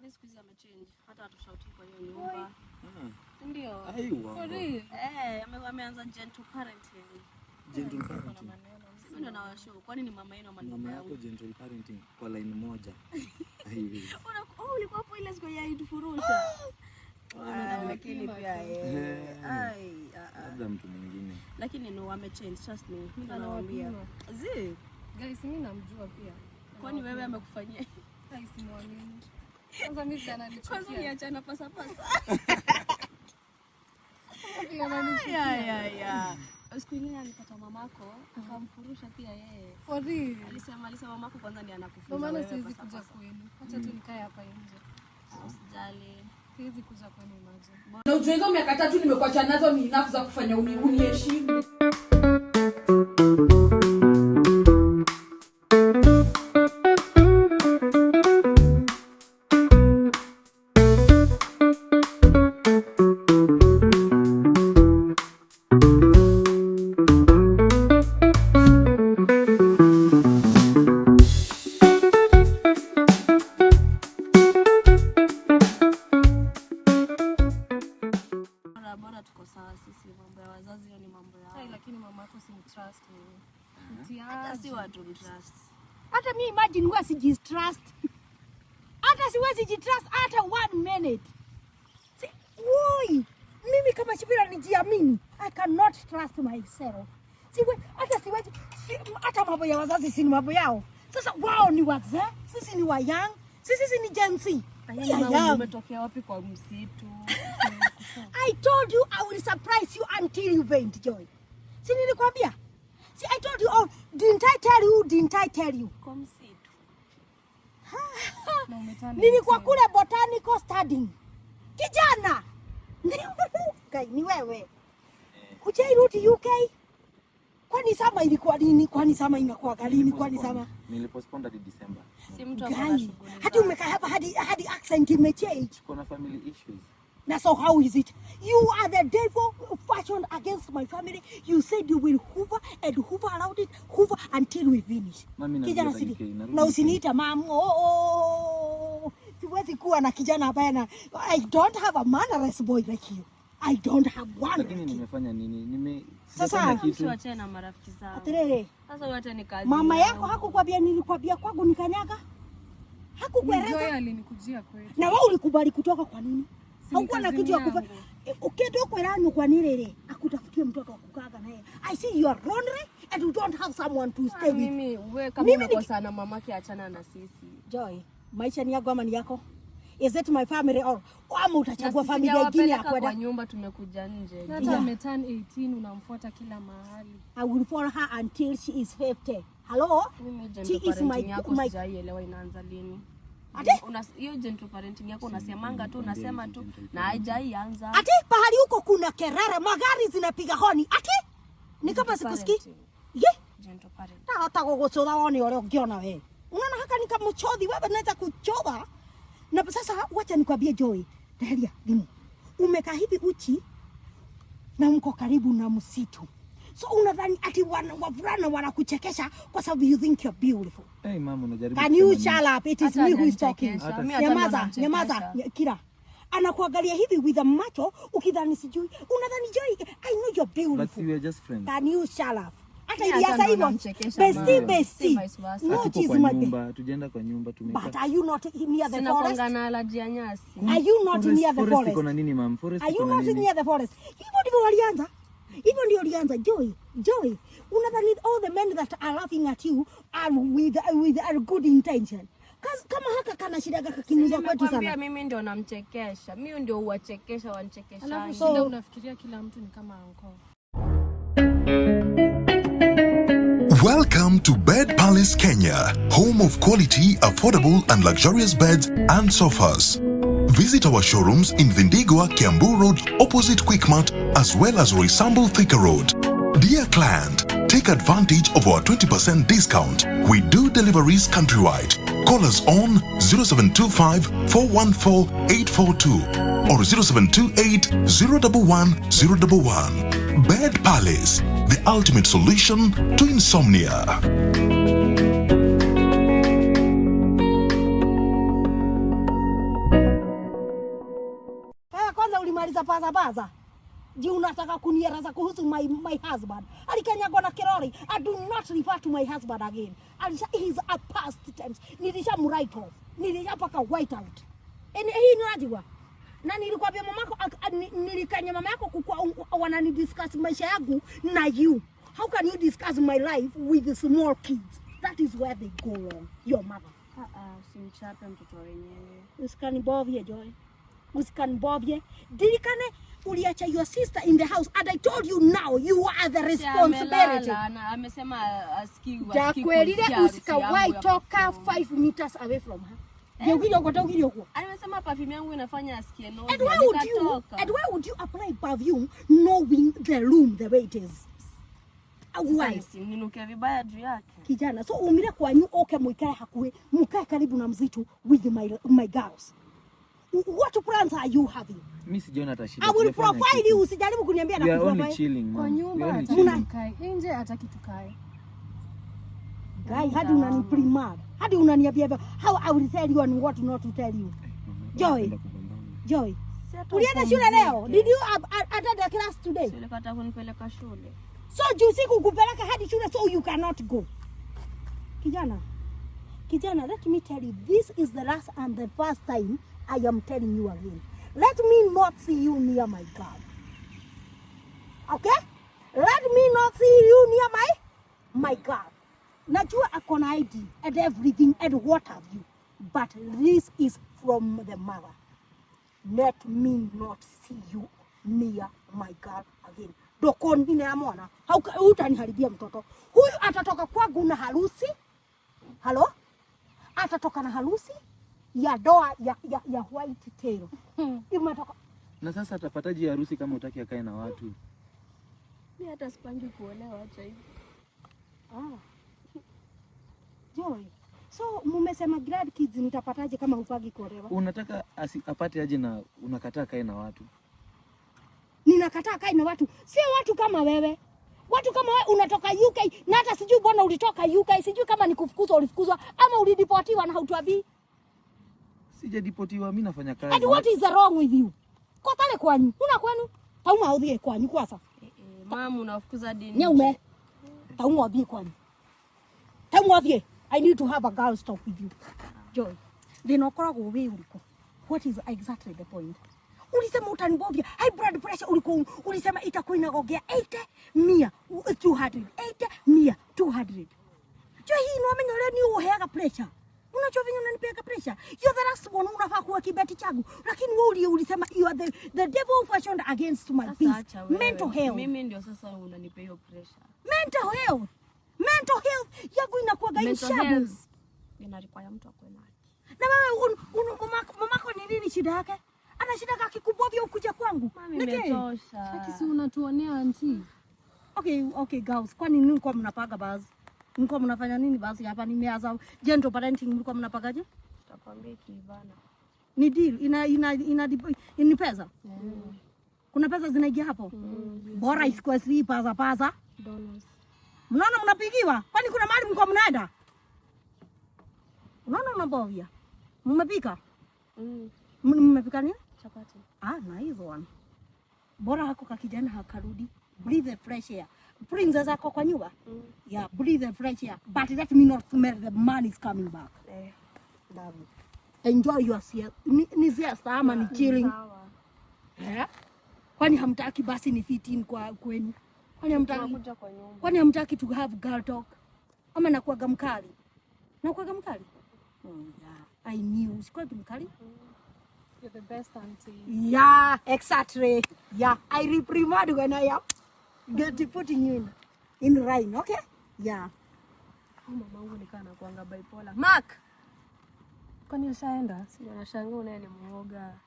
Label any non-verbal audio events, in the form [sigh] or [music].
Baadhi siku hizi amechange, hata atusauti kwa hiyo nyumba, hmm. ndio? Eh, ameanza gentle parenting. Gentle parenting. kwani ni mama yenu au mama yako? Gentle parenting kwa line moja. [laughs] Oh, ulikuwa hapo ile siku ya itufurusha. Ah! Ah, lakini pia eh, eh. Ah, labda mtu mwingine. Lakini no amechange, trust me. Mimi nawaambia. Zi, guys mimi namjua pia. Kwani wewe amekufanyia? Guys mwamini. Siku ingine alipata mamako akamfurusha pia yeye. For real? Alisema alisema mamako kwanza ni anakufuza. Kwa maana siwezi kuja kwenu. Acha tu mm. nikae hapa nje. Usijali. Siwezi kuja kwenu imagine. Na ujuezo miaka tatu nimekuacha nazo ni enough za kufanya uniheshimu. siwezi jitrust hata one minute. Si, woi, mimi kama Chipira nijiamini, I cannot trust myself. Siwe, hata siwezi hata mambo ya wazazi si ni mambo yao. Sasa wao ni wazee, sisi ni wayang, sisi ni Gen Z. Umetokea wapi kwa msitu? [laughs] I told you I will surprise you until you faint, Joy. Si nilikwambia? Si I told you oh, didn't I tell you, didn't I tell you? Come see nilikuwa kule botanical studying. Kijana [laughs] Kai, ni wewe hujairuti UK? Kwani sama ilikuwa lini? Kwani sama imekuwa galini? Kwani sama niliposponda hadi December. Si mtu ambaye anashughulika hadi umekaa hapa hadi hadi accent imechange. Kuna family issues. na so how is it? You are the devil fashioned against my family. You said you will hover and hover around it, hover until we finish. Kijana sidi. Na usiniita mamu. Oh, oh. oh, oh, oh siwezi kuwa na kijana ambaye na I don't have a man mannerless boy like you. I don't have one. Lakini nimefanya nini? Nime sasa msiwachane na marafiki zao. Atere. Sasa wote ni kazi. Mama yako hakukwambia nini? nilikwambia kwangu nikanyaga? Hakukueleza? Ndio alinikujia kweli. Na wewe ulikubali kutoka kwa nini? Haukuwa na kitu ya kufanya. Eh, Ukitoka kwa elani kwa nini ile? Akutafutie mtoto akukaga naye. I see you are lonely and you don't have someone to ah, stay with. Mimi wewe kama unakosa na mamake achana na sisi. Joy maisha ni yako ama ni yako? Is it my family or ama utachagua familia nyingine ya kwenda kwa nyumba? Tumekuja nje hata yeah. Ameturn 18 unamfuata kila mahali. I will follow her until she is 50. Hello, she is my my. Sijaelewa inaanza lini? Hiyo gentle parenting yako unasemanga tu unasema tu na haijaianza. Ati pahali huko kuna kerere, magari zinapiga honi. Ati ni kama sikusikii. Ye. Gentle parenting. Hata kukusoda honi wale ukiona wewe. Unaona haka ni kama nikamchodhi wewe, naweza kuchova. Na sasa wacha nikwambie Joy, Delia, dimu. Umekaa hivi uchi na mko karibu na msitu. So unadhani ati wana wavulana wanakuchekesha kwa sababu you think you're beautiful. Hey mama, unajaribu. Can you shut up? It is me who is talking. Nyamaza, nyamaza, Kira. anakuangalia hivi with a macho ukidhani sijui. Unadhani Joy, I know you're beautiful. But we are just friends. Can you shut up? hata ili hata hivyo besti besti not is my nyumba tujaenda kwa nyumba tumeka but are you not near the forest sina na allergy ya nyasi are you not near the forest kuna nini ma'am forest are you not near the forest hivyo ndivyo walianza hivyo ndio walianza joy joy unadhani all the men that are laughing at you are with with a good intention Kazi, kama haka kana shida kaka kimuza kwetu sana. Mimi ndio namchekesha, mimi ndio uwachekesha wanchekesha. Alafu shida unafikiria kila mtu ni kama anko Welcome to Bed Palace Kenya, home of quality, affordable, and luxurious beds and sofas. Visit our showrooms in Vindigua, Kiambu Road, opposite Quickmart, as well as Resamble Thika Road. Dear client, take advantage of our 20% discount. We do deliveries countrywide. Call us on 0725 414 842 or 0728 011 011. Bed Palace the ultimate solution to insomnia. Hey, eh, kwanza ulimaliza paza paza. Je, unataka kunieraza kuhusu my, my husband? Alikanyagwa na kirori. I do not refer to my husband again. Alisha, he is a past tense. Nilisha mwrite off. Nilisha paka white out. Eni Hii ni rajigwa na nilikwambia mamako, nilikanya mama yako kukua wanani discuss maisha yangu na you. How can you discuss my life with the small kids? That is where they go wrong. Your mother. Ah ah, simchape mtoto wenyewe. Usikanibovye Joy. Usikanibovye. Dilikane uliacha your sister in the house and I told you now you are the responsibility. Amesema asikiwa. Ja kweli usikawai toka 5 meters away from her. Eh? Ndio Ukija huko hata kile huko. Anasema perfume yangu inafanya asikie noise. And why would you, and why would you apply perfume knowing the room the way it is? Why? Ninuke vibaya juu yake. Kijana, so umire kwa nyu oke mwikae hakuwe, mkae karibu na mzitu with my, my girls. What plans are you having? Mimi sijaona hata shida. I will provide you, usijaribu kuniambia na kuniambia. Kwa nyumba mkae nje hata kitu kae. Guys, hadi unaniprima. Um, hadi unaniambia hivyo. How I will tell you and what not to tell you. Eh, Joy. Joy. Ulienda shule leo? Did you attend the class today? Ulikata kunipeleka shule. So juu siku hadi shule so you cannot go. Kijana. Kijana, let me tell you, this is the last and the first time I am telling you again. Let me not see you near my God. Okay? Let me not see you near my my God najua akona ID and everything and what have you but this is from the mother let me not see you near my girl again ndokonine ya mwana Hauka utaniharibia mtoto huyu atatoka kwangu na harusi halo atatoka na harusi ya doa ya, ya, ya white tail [laughs] Imatoka. Na sasa atapataje harusi kama utaki akae na watu? Mimi hata sipangi kuolewa acha hivi. Ah enjoy. So mumesema grad kids nitapataje kama hupagi kuolewa? Unataka asi, apate aje na unakataa kae na watu? Ninakataa kae na watu, sio watu kama wewe watu kama wewe unatoka UK na hata sijui bwana ulitoka UK, sijui kama nikufukuzwa ulifukuzwa ama ulidipotiwa na hautuabii. Sijadipotiwa, mimi nafanya kazi. And what is wrong with you? Kwa tale kwanyu, una kwenu? Tauma haudhie kwanyu kwanza. Eh, eh, mama unafukuza dini. Nyume. Tauma haudhie kwani? Tauma haudhie. I need to have a girl talk with you. Joy. Thina ukoragwo wi uriku. What is exactly the point? Ulisema utanibovya. High blood pressure uliko ulisema itakuinagogea 80 100 80 100 200. Joy, hii ni wamenya ni uheaga pressure. Unajua vinyo unanipiaga pressure. You're the last one unafaa kuwa kibeti changu. Lakini wewe uli ulisema you are the, the devil fashioned against my peace. Mental health. Mimi ndio sasa hiyo pressure. Mental health mental health yako inakuwaga Ina yaani require mtu akuwe na na wewe mamako ni nini shida yake? Ana shida gani kubwa vya ukuja kwangu? Nimetosha. Lakini si unatuonea anti. Okay, okay girls, kwani nini mko mnapaga basi? Mko mnafanya nini basi hapa? Nimeanza gentle parenting mko mnapagaje? Tutakwambia kibana. Ni deal ina ina ina, ni pesa. Mm. Kuna pesa zinaingia hapo? Mm. Bora isikuwe si pesa pasa. Dollars. Mnaona mnapigiwa? Kwani kuna mahali mko mnaenda? Unaona mnabovia? Mmepika? Mm. Mmepika nini? Chapati. Ah, na hizo wana. Bora hako ka kijana hakarudi. Breathe the fresh air. Princess zako kwa nyumba? Mm. Yeah, breathe the fresh air. But let me not smell the man is coming back. Eh. Love Enjoy yourself. Ni, ni siesta ama ni chilling. Mm, yeah. Kwani hamtaki basi ni fitin kwa kwenu. Kwani hamtaki to have girl talk? Ama nakuaga mkali? Nakuaga mkali? Mm, yeah. I knew. Sikuaga mkali? Mm. You're the best auntie. Yeah, exactly. Yeah, I reprimand when I am getting putting you in, in rhyme, okay? Yeah. Mama wangu nikaa kuanga bipolar. Mark. Kwani ushaenda? Sijana shangaa unaye ni muoga.